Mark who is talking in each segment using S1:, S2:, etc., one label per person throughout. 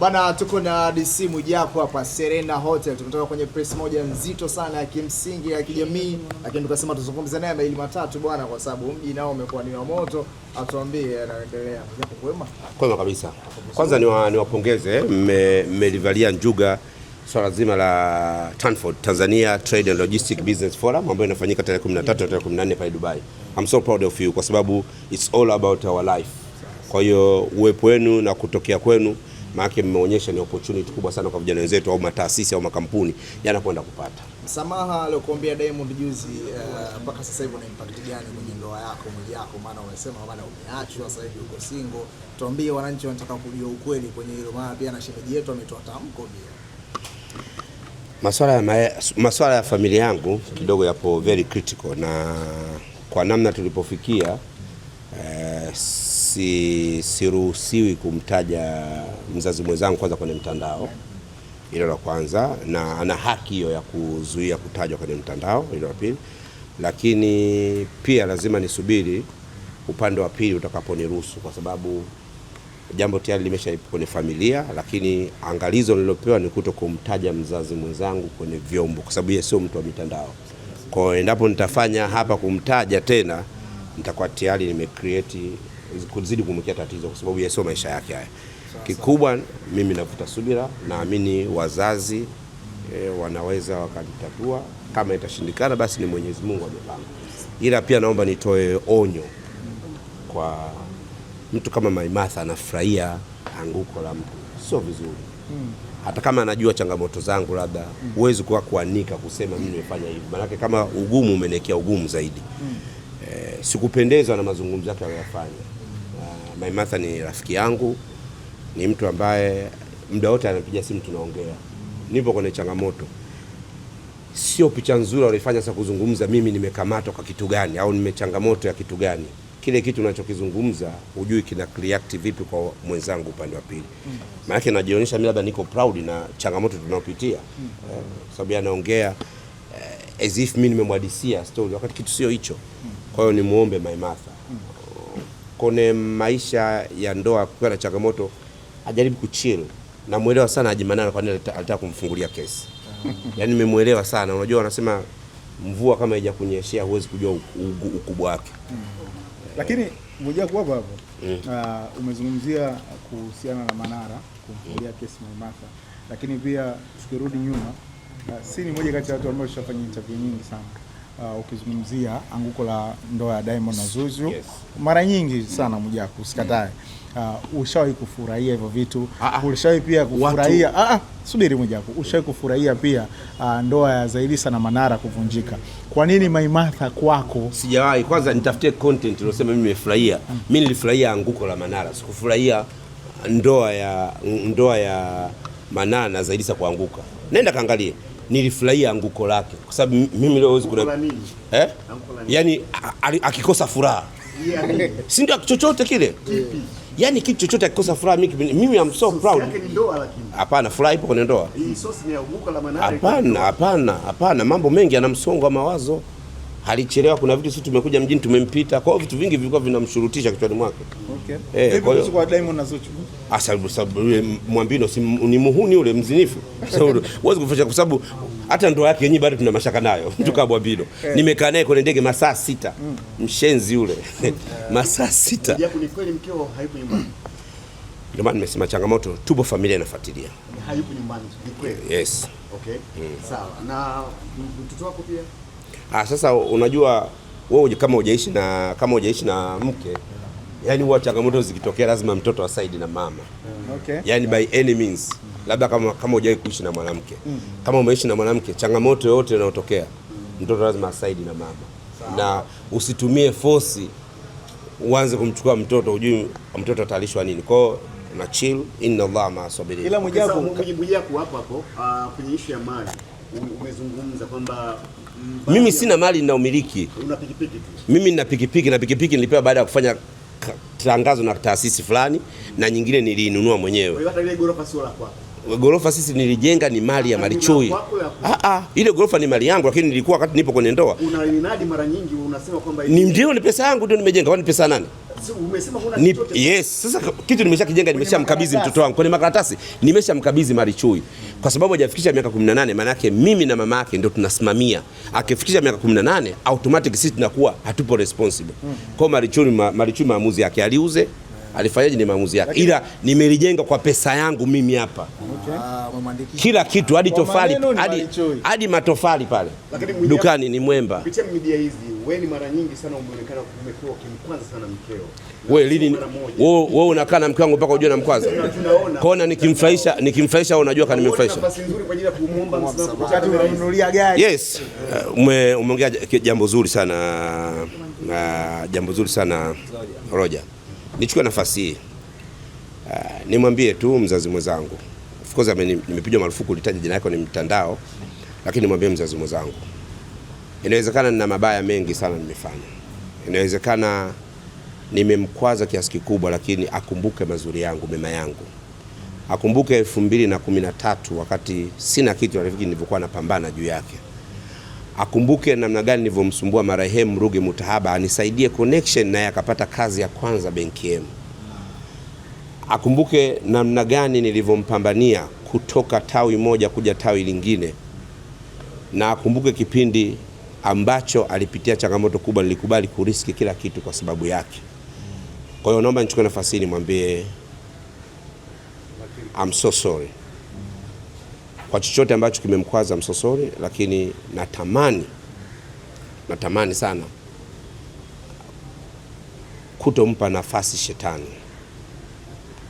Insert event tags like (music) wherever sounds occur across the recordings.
S1: Bana, tuko na DC Mwijaku hapa Serena Hotel. Tumetoka kwenye press moja nzito sana ya kimsingi ya kijamii, lakini tukasema tuzungumze naye maili matatu bwana, kwa sababu mji nao umekuwa ni wa moto. Atuambie yanaendelea.
S2: Kwanza kabisa, kwanza niwapongeze mmelivalia njuga swala so zima la Tanford Tanzania Trade and Logistic Business Forum ambayo inafanyika tarehe 13 na tarehe 14 pale Dubai. I'm so proud of you kwa sababu it's all about our life. Kwa hiyo uwepo wenu na kutokea kwenu maana mmeonyesha ni opportunity kubwa sana kwa vijana wenzetu au mataasisi au makampuni yanakwenda kupata.
S1: Samaha aliyokuambia Diamond juzi eh, mpaka uh, sasa hivi una impact gani kwenye ndoa yako mmoja yako, maana umesema maana umeachwa sasa hivi uko single. Tuambie wananchi wanataka kujua ukweli kwenye hilo, maana pia na shemeji yetu ametoa tamko pia.
S2: Masuala ya mae, masuala ya familia yangu kidogo yapo very critical na kwa namna tulipofikia eh, si siruhusiwi kumtaja mzazi mwenzangu kwanza kwenye mtandao, hilo la kwanza, na ana haki hiyo ya kuzuia kutajwa kwenye mtandao, hilo la pili. Lakini pia lazima nisubiri upande wa pili utakaponiruhusu, kwa sababu jambo tayari limesha kwenye familia, lakini angalizo nilopewa ni kuto kumtaja mzazi mwenzangu kwenye vyombo, kwa sababu yeye sio mtu wa mitandao. Kwa endapo nitafanya hapa kumtaja tena, nitakuwa tayari nimecreate kuzidi kumwekea tatizo, kwa sababu sio maisha yake haya. Kikubwa mimi navuta subira, naamini wazazi e, wanaweza wakalitatua. Kama itashindikana, basi ni Mwenyezi Mungu amepanga, ila pia naomba nitoe onyo kwa mtu kama Maimatha anafurahia anguko la mtu, sio vizuri hmm. Hata kama anajua changamoto zangu labda hmm. huwezi kuwa kuanika kusema mimi nimefanya hivi, maanake kama ugumu umenekea ugumu zaidi hmm. E, sikupendezwa na mazungumzo yake aliyofanya ambaye Martha ni rafiki yangu, ni mtu ambaye muda wote anapiga simu tunaongea, nipo kwenye changamoto. Sio picha nzuri unaifanya sasa kuzungumza mimi nimekamatwa kwa kitu gani au nimechangamoto ya kitu gani. Kile kitu unachokizungumza hujui kina react vipi kwa mwenzangu upande wa pili, mm. maanake najionyesha mimi labda niko proud na changamoto tunayopitia mm. eh, sababu anaongea eh, as if mimi nimemwadisia story wakati kitu sio hicho. Mm. Kwa hiyo nimuombe Maimartha kone maisha ya ndoa kukiwa na changamoto ajaribu kuchill. Namwelewa sana Haji Manara kwa nini alitaka kumfungulia kesi. (laughs) Yaani nimemwelewa sana. Unajua wanasema mvua kama haija kunyeshea huwezi kujua ukubwa wake. Hmm.
S1: Lakini moja kwa hapo hapo hmm. Uh, umezungumzia kuhusiana na Manara kumfungulia hmm. kesi Martha. Lakini pia tukirudi nyuma, uh, si ni moja kati ya watu ambao tushafanya interview nyingi sana. Uh, ukizungumzia anguko la ndoa ya Diamond na Zuzu yes. Mara nyingi sana Mwijaku, usikatae uh, ushawahi kufurahia hivyo vitu ah, ah. pia kufurahia ah, ah subiri Mwijaku, ushawahi kufurahia pia uh, ndoa ya Zailisa na Manara kuvunjika. Kwa nini Maimartha kwako?
S2: Sijawahi. Kwanza nitafutie content uliosema mimi nimefurahia. Hmm. Mimi nilifurahia anguko la Manara, sikufurahia ndoa ya ndoa ya Manara na Zailisa kuanguka. Nenda kaangalie nilifurahia anguko lake kwa sababu mimi leo kuna eh, yani akikosa furaha si ndio chochote kile Yani kitu chochote akikosa furaha, mimi am so proud. Hapana, furaha ipo kwenye ndoa? Hapana, hapana, hapana. Mambo mengi yana msongo wa mawazo alichelewa. Kuna vitu sisi tumekuja mjini tumempita, kwa hiyo vitu vingi vilikuwa vinamshurutisha kichwani mwake.
S1: Okay. Eh, kwa Diamond
S2: ah, sababu Mwambino si ni muhuni ule mzinifu, (laughs) huwezi kufanya kwa sababu hata ndoa yake yenyewe bado tuna mashaka nayo. Yeah. (laughs) Tukabu kama Yeah. Eh. nimekaa naye kwenye ndege masaa sita, Mm. mshenzi ule (laughs) mm. masaa sita. Ndio maana nimesema changamoto tubo familia inafuatilia
S1: hayupo nyumbani. Ni kweli. Yes. Okay. Mm. Sawa. Na mtoto wako pia
S2: Ah, sasa unajua wewe kama hujaishi na kama hujaishi na mke yani, huwa changamoto zikitokea lazima mtoto asaidi na mama okay. Yani by any means, labda kama kama hujawahi kuishi na mwanamke mm Kama umeishi na mwanamke, changamoto yoyote inayotokea mm mtoto lazima asaidi na mama Sao. Na usitumie fosi uanze kumchukua mtoto, hujui mtoto atalishwa nini kwao na chill, inna Allah ma sabiri.
S1: Ila mujibu hapo hapo ah, kwenye issue ya mali umezungumza kwamba
S2: mimi sina mali ninaomiliki. Una pikipiki tu. Mimi nina pikipiki na pikipiki nilipewa baada ya kufanya tangazo na taasisi fulani na nyingine niliinunua mwenyewe.
S1: Hata sio la
S2: kwako. sisi nilijenga ni mali ya Marichui. Ah ah, ile gorofa ni mali yangu lakini nilikuwa wakati nipo kwenye ndoa.
S1: Unalinadi mara nyingi unasema kwamba
S2: ni ndio ni pesa yangu ndio nimejenga. Kwani pesa nani? yes. Sasa kitu nimeshakijenga, nimeshamkabidhi mtoto wangu kwenye makaratasi, nimeshamkabidhi Marichui kwa sababu hajafikisha miaka 18. Maana yake mimi na mama yake ndio tunasimamia. Akifikisha miaka 18, automatic sisi tunakuwa hatupo responsible. Mm-hmm. Kwa Marichui, Marichui maamuzi yake aliuze alifanyaje ni maamuzi yake, ila nimelijenga kwa pesa yangu mimi hapa okay. Ah, Kila kitu hadi tofali hadi matofali pale dukani ni mwemba.
S1: Kupitia media hizi wewe mara nyingi sana umeonekana umekuwa ukimkwaza sana mkeo.
S2: Wewe lini wewe unakaa na mke wangu mpaka unajua namkwaza? Kona nikimfaisha nikimfaisha au unajua kani nimemfurahisha. Yes, uh, umeongea jambo zuri sana uh, jambo zuri sana Roja. Nichukue nafasi hii uh, nimwambie tu mzazi mwenzangu. Of course nimepiga marufuku litaje jina lako ni mtandao, lakini nimwambie mzazi mwenzangu Inawezekana nina mabaya mengi sana nimefanya, inawezekana nimemkwaza kiasi kikubwa, lakini akumbuke mazuri yangu, mema yangu, akumbuke elfu mbili na kumi na tatu wakati sina kitu rafiki, nilivyokuwa napambana juu yake, akumbuke namna gani nilivyomsumbua marehemu Ruge Mutahaba, anisaidie connection naye akapata kazi ya kwanza benki yenu, akumbuke namna gani nilivyompambania kutoka tawi moja kuja tawi lingine, na akumbuke kipindi ambacho alipitia changamoto kubwa, nilikubali kuriski kila kitu kwa sababu yake. Kwa hiyo naomba nichukue nafasi hii nimwambie I'm so sorry kwa chochote ambacho kimemkwaza, I'm so sorry, lakini natamani natamani sana kutompa nafasi shetani,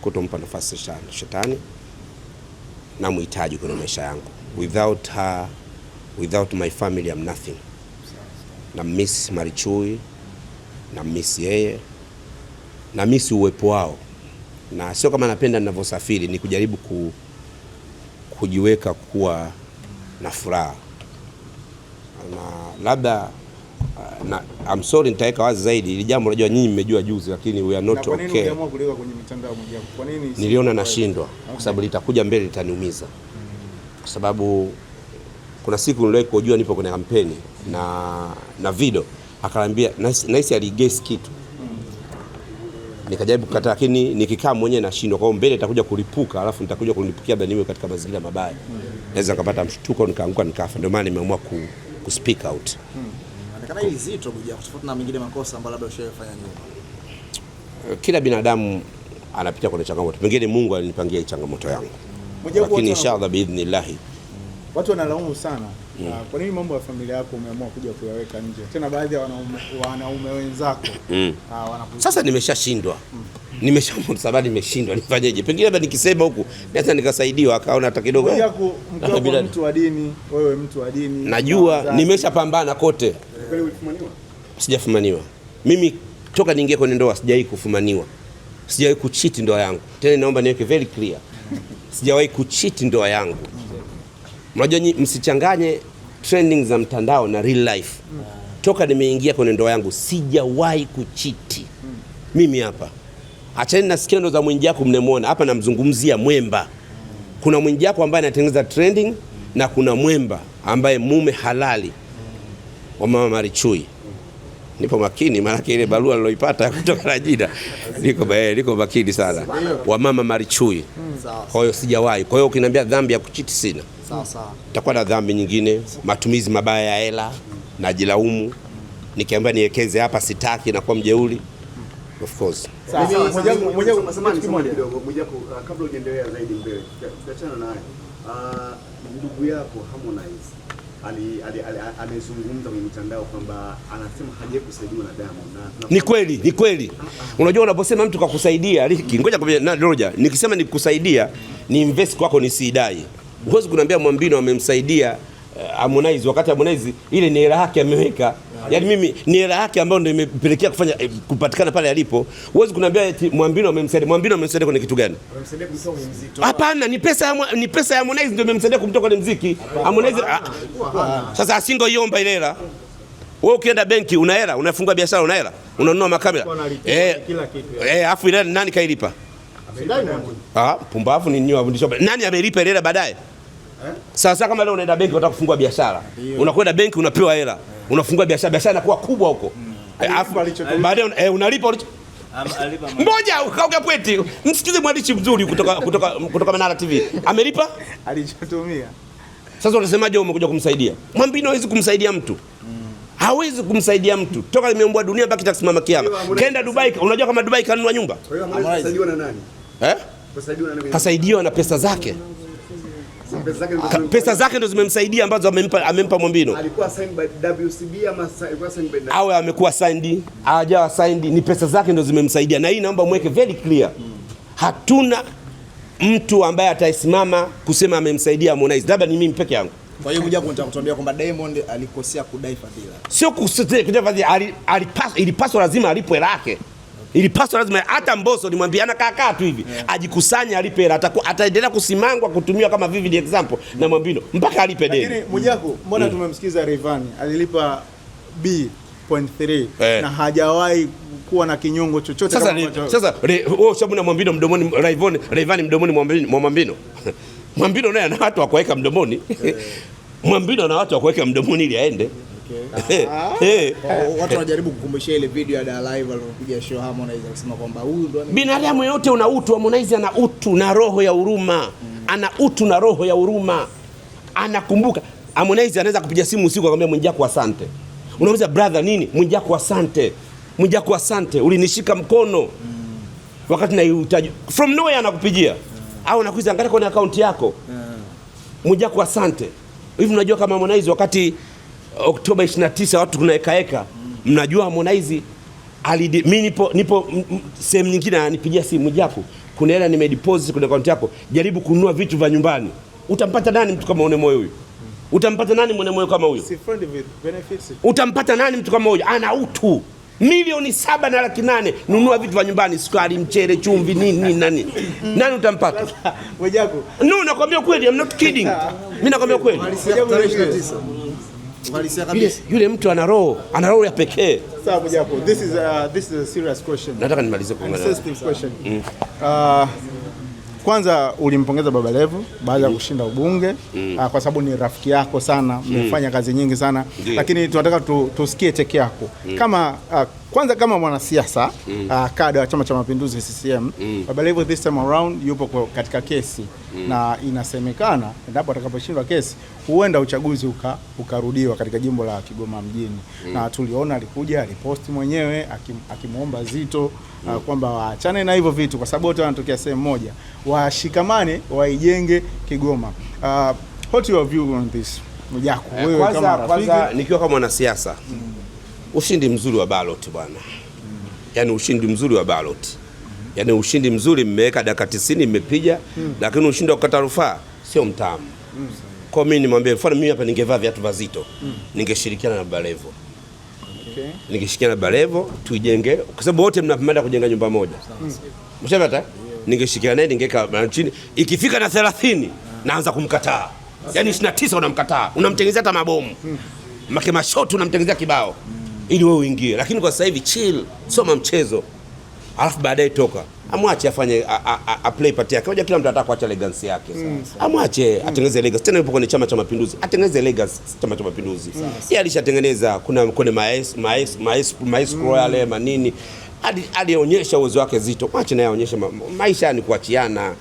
S2: kutompa nafasi shetani na muhitaji kwenye maisha yangu. Without her, without my family I'm nothing na miss Marichui na miss yeye na miss uwepo wao, na sio kama napenda ninavyosafiri, ni kujaribu ku, kujiweka kuwa na furaha na labda uh, na, I'm sorry nitaweka wazi zaidi ili jambo. Unajua nyinyi mmejua juzi, lakini we are not okay. Niliona nashindwa kwa sababu litakuja mbele litaniumiza, kwa sababu kuna siku niliwahi kujua nipo kwenye kampeni na na video akaniambia Nice aligesi kitu, nikajaribu kukata, lakini nikikaa mwenyewe nashindwa kwao, mbele itakuja kulipuka, alafu nitakuja kulipukia bali katika mazingira mabaya, naweza nikapata mshtuko nikaanguka nikafa. Ndio maana nimeamua ku, ku speak out kila binadamu anapita kwenye changamoto, pengine Mungu alinipangia hii changamoto yangu, lakini inshallah biidhnillahi
S1: Watu wanalaumu sana yeah. Uh, kwa nini mambo ya familia yako umeamua kuja kuyaweka nje? Tena baadhi ya wanaume, wanaume wenzako mm.
S2: Uh, ah, wanapu... Sasa nimeshashindwa mm. Nimeshaamua (laughs) sababu nimeshindwa, nifanyeje? Pengine hata nikisema huku naweza nikasaidiwa, akaona hata kidogo. Eh. Mtu wa dini, wewe mtu wa dini, najua nimeshapambana kote yeah. Sijafumaniwa mimi toka niingie kwenye ndoa, sijawahi kufumaniwa, sijawahi kuchiti ndoa yangu. Tena naomba niweke very clear, (laughs) sijawahi kuchiti ndoa yangu. Mnajua nyinyi msichanganye trending za mtandao na real life. Toka nimeingia kwenye ndoa yangu sijawahi kuchiti mimi. Hapa acheni na skendo za Mwijaku, mnemwona hapa, namzungumzia Mwemba. Kuna Mwijaku ambaye anatengeneza trending na kuna Mwemba ambaye mume halali wa mama Marichui. Nipo makini maanake ile barua niloipata (laughs) kutoka Rajida niko, eh, niko makini sana wa mama Marichui. Kwa hiyo sijawahi, kwa hiyo ukiniambia dhambi ya kuchiti sina nitakuwa na dhambi nyingine, matumizi mabaya ya hela, najilaumu nikiambia niwekeze hapa, sitaki, nakuwa mjeuri. Of course.
S1: Ah, ndugu yako Harmonize amezungumza kwenye mitandao kwamba anasema hajawahi kusaidiwa na Diamond.
S2: Ni kweli, ni kweli. Ah, ah, Unajua unaposema mtu kakusaidia, Ricky, ngoja kwa Roger, nikisema nikusaidia ni invest kwako nisidai. Huwezi kuniambia Mwambino amemsaidia uh, Harmonize wakati Harmonize ile ni hela yake ameweka. Yaani mimi ni hela yake ambayo ndio imepelekea kufanya eh, kupatikana pale alipo. Huwezi kuniambia eti Mwambino amemsaidia. Mwambino amemsaidia kwenye kitu gani? Amemsaidia kumtoa kwenye Hapana, ni pesa ni pesa ya Harmonize ndio imemsaidia kumtoa kwenye mziki. Harmonize ah, sasa asingo iomba ile hela. Wewe ukienda benki una hela, unafungua biashara una hela, unanunua makamera. Eh, eh, afu ile nani kailipa? Ah, pumbavu ni nyoa fundisho. Nani amelipa ile hela baadaye? Sasa kama leo unaenda benki unataka kufungua biashara. Unakwenda benki unapewa hela. Unafungua biashara, biashara inakuwa kubwa huko. Mm. Eh, alafu baadaye eh, unalipa ulicho Mmoja (laughs) ukaongea pweti. Msikize mwandishi mzuri kutoka kutoka kutoka Manara TV. Amelipa alichotumia. Sasa unasemaje umekuja kumsaidia? Mwambino hawezi kumsaidia mtu. Mm. Hawezi kumsaidia mtu. Toka imeumbwa dunia mpaka itasimama kiama. Kenda Dubai, unajua kama Dubai kanunua nyumba? Kwa hiyo amesaidiwa na nani? Eh? Kasaidiwa na pesa zake pesa zake ndo ah, zimemsaidia ambazo amempa, amempa Mwambino. Alikuwa signed by WCB ama alikuwa signed by Awe amekuwa signed, hajawa signed, ni pesa zake ndo zimemsaidia, na hii naomba mweke very clear. Hatuna mtu ambaye atasimama kusema amemsaidia Harmonize, labda ni mimi peke yangu.
S1: Kwa hiyo mmoja kunataka kutuambia kwamba Diamond alikosea kudai fadhila,
S2: sio kudai fadhila, ilipaswa lazima alipwe lake ili pastor lazima hata Mbosso nimwambie ana kaka tu hivi yeah. Ajikusanye alipe hela, ataendelea kusimangwa kutumiwa kama vivid example mm. na Mwambino mpaka alipe deni.
S1: Lakini Mwijaku mbona mm. tumemsikiza Rayvanny alilipa B.3 eh. na hajawahi kuwa na kinyongo chochote. Sasa
S2: ni, sasa wewe ushamuna Mwambino mdomoni, Rayvanny Rayvanny mdomoni mwambino Mwambino (laughs) Mwambino naye ana watu wa kuweka mdomoni eh. (laughs) Mwambino ana watu wa kuweka mdomoni ili aende (laughs)
S1: Ah, ah. watu wanajaribu kukumbushia ile video ya Da Live aliyopiga show Harmonize akisema kwamba huyu ndo
S2: binadamu yote una utu. Harmonize ana utu na roho ya huruma mm. ana utu na roho ya huruma, anakumbuka. Harmonize anaweza kupiga simu usiku akamwambia Mwijaku asante, unauliza brother nini? Mwijaku asante, Mwijaku asante, ulinishika mkono mm. wakati naihitaji, from nowhere anakupigia mm. au anakuiza angalia kwenye akaunti yako mm. Mwijaku asante. Hivi unajua kama Harmonize wakati Oktoba 29 watu tunaekaeka, mnajua Harmonize alidi mimi nipo nipo sehemu nyingine ananipigia simu, japo kuna hela nimedeposit kwenye akaunti yako, jaribu kununua vitu vya nyumbani. Utampata nani mtu kama One Moyo huyu? Utampata nani mwenye Moyo kama huyo? Utampata nani mtu kama huyo? Ana utu milioni saba na laki nane nunua vitu vya nyumbani, sukari, mchele, chumvi, nini nani nani, utampata Mwijaku? No, nakwambia kweli, I'm not kidding, mimi (laughs) nakwambia kweli yule, yule mtu ana roho ana roho ya pekee. Sawa
S1: Mwijaku, this is a, uh, this is a serious question. Nataka nimalize kwa sensitive question. Mm. mm. Uh, kwanza ulimpongeza Baba Levo baada ya mm. kushinda ubunge mm. uh, kwa sababu ni rafiki yako sana, mmefanya mm. kazi nyingi sana Deo. Lakini tunataka tusikie cheki yako mm. kama uh, kwanza kama mwanasiasa mm. uh, kada wa Chama cha Mapinduzi CCM mm. Baba Levo this time around yupo katika kesi mm. na inasemekana endapo atakaposhindwa kesi huenda uchaguzi uka, ukarudiwa katika jimbo la Kigoma mjini mm. na tuliona alikuja aliposti mwenyewe akim, akimwomba Zito ah, mm. uh, kwamba waachane na hivyo vitu kwa sababu wote wanatokea sehemu moja, washikamane waijenge Kigoma. Uh, what your view on this
S2: Mwijaku? Eh, wewe kwanza, kama rafiki kwanza nikiwa kama mwanasiasa mm ushindi mzuri wa ballot bwana, yaani ushindi mzuri wa ballot, yaani ushindi mzuri mmeweka dakika tisini mmepija, lakini ushindi wa kukata rufaa sio mtamu. Kwa mimi nimwambie, mfano mimi hapa ningevaa viatu vizito, ningeshirikiana na Balevo Okay. Ningeshirikiana na Balevo tuijenge, kwa sababu wote mnapenda kujenga nyumba moja, mshapata. ningeshikia naye, ningeka chini, ikifika na 30 yeah. naanza kumkataa, yaani 29 unamkataa, unamtengenezea hata mabomu, make mashoti unamtengenezea kibao ili wewe uingie, lakini kwa sasa hivi chill, soma mchezo alafu baadaye toka amwache afanye a, a, play part yake. Hoja kila mtu anataka kuacha legacy yake. Mm, sasa amwache mm. atengeneze legacy. Tena yupo kwenye Chama cha Mapinduzi, atengeneze legacy Chama cha Mapinduzi. Mm, Yeye alishatengeneza, kuna kuna maes maes maes maestro yale manini hadi alionyesha uwezo wake zito, mwache naye aonyeshe. Maisha ni kuachiana,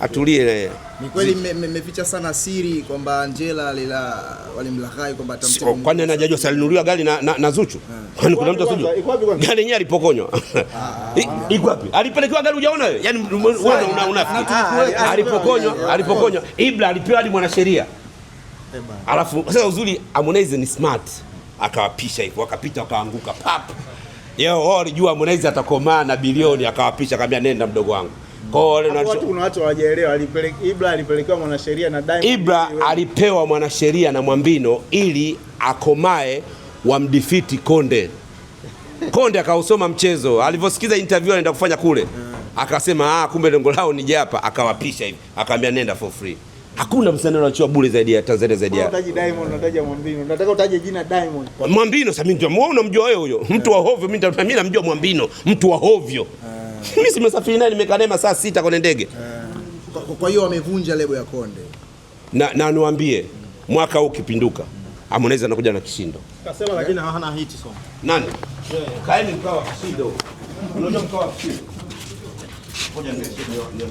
S2: atulie naye.
S1: Ni kweli mmeficha me, sana siri kwamba Angela lila walimlaghai kwamba atamtia.
S2: Kwani anajua salinuliwa gari na, na, na Zuchu? Kwani (laughs) kuna mtu asijua? Gari yenyewe alipokonywa. (laughs) Ah, ah, ah. Iko wapi? Alipelekewa gari hujaona wewe? Yaani wewe una una. Alipokonywa, alipokonywa. Ibra alipewa hadi mwanasheria. Alafu sasa uzuri Harmonize ni smart. Akawapisha hivyo, akapita akaanguka pap. Yeye wao oh, walijua Harmonize atakomaa na bilioni akawapisha akamwambia nenda mdogo wangu. Ibra alipewa mwanasheria na Mwambino ili akomae wamdifiti Konde. Konde akausoma mchezo, alivyosikiza interview anaenda kufanya kule hmm. akasema, ah, kumbe lengo lao ni japa, akawapisha hivi, akaambia nenda for free. Hakuna msanii anachua bure zaidi ya Tanzania zaidi ya. Unataja Diamond, unataja Mwambino. Nataka utaje jina Diamond. Mwambino sasa mimi ndio unamjua wewe huyo. Mtu wa hovyo mimi mimi namjua Mwambino, mtu wa hovyo. Hmm. (laughs) mimi simesafiri naye, nimekaa naye masaa sita kwenye ndege.
S1: Eh, kwa hiyo wamevunja lebo ya Konde
S2: na, na niwaambie mwaka huu ukipinduka Harmonize anakuja na kishindo. Kasema lakini hana hiti song. Nani? Eh, kaeni mkawa kishindo. Unajua mkawa kishindo. Ngoja nimeelewa.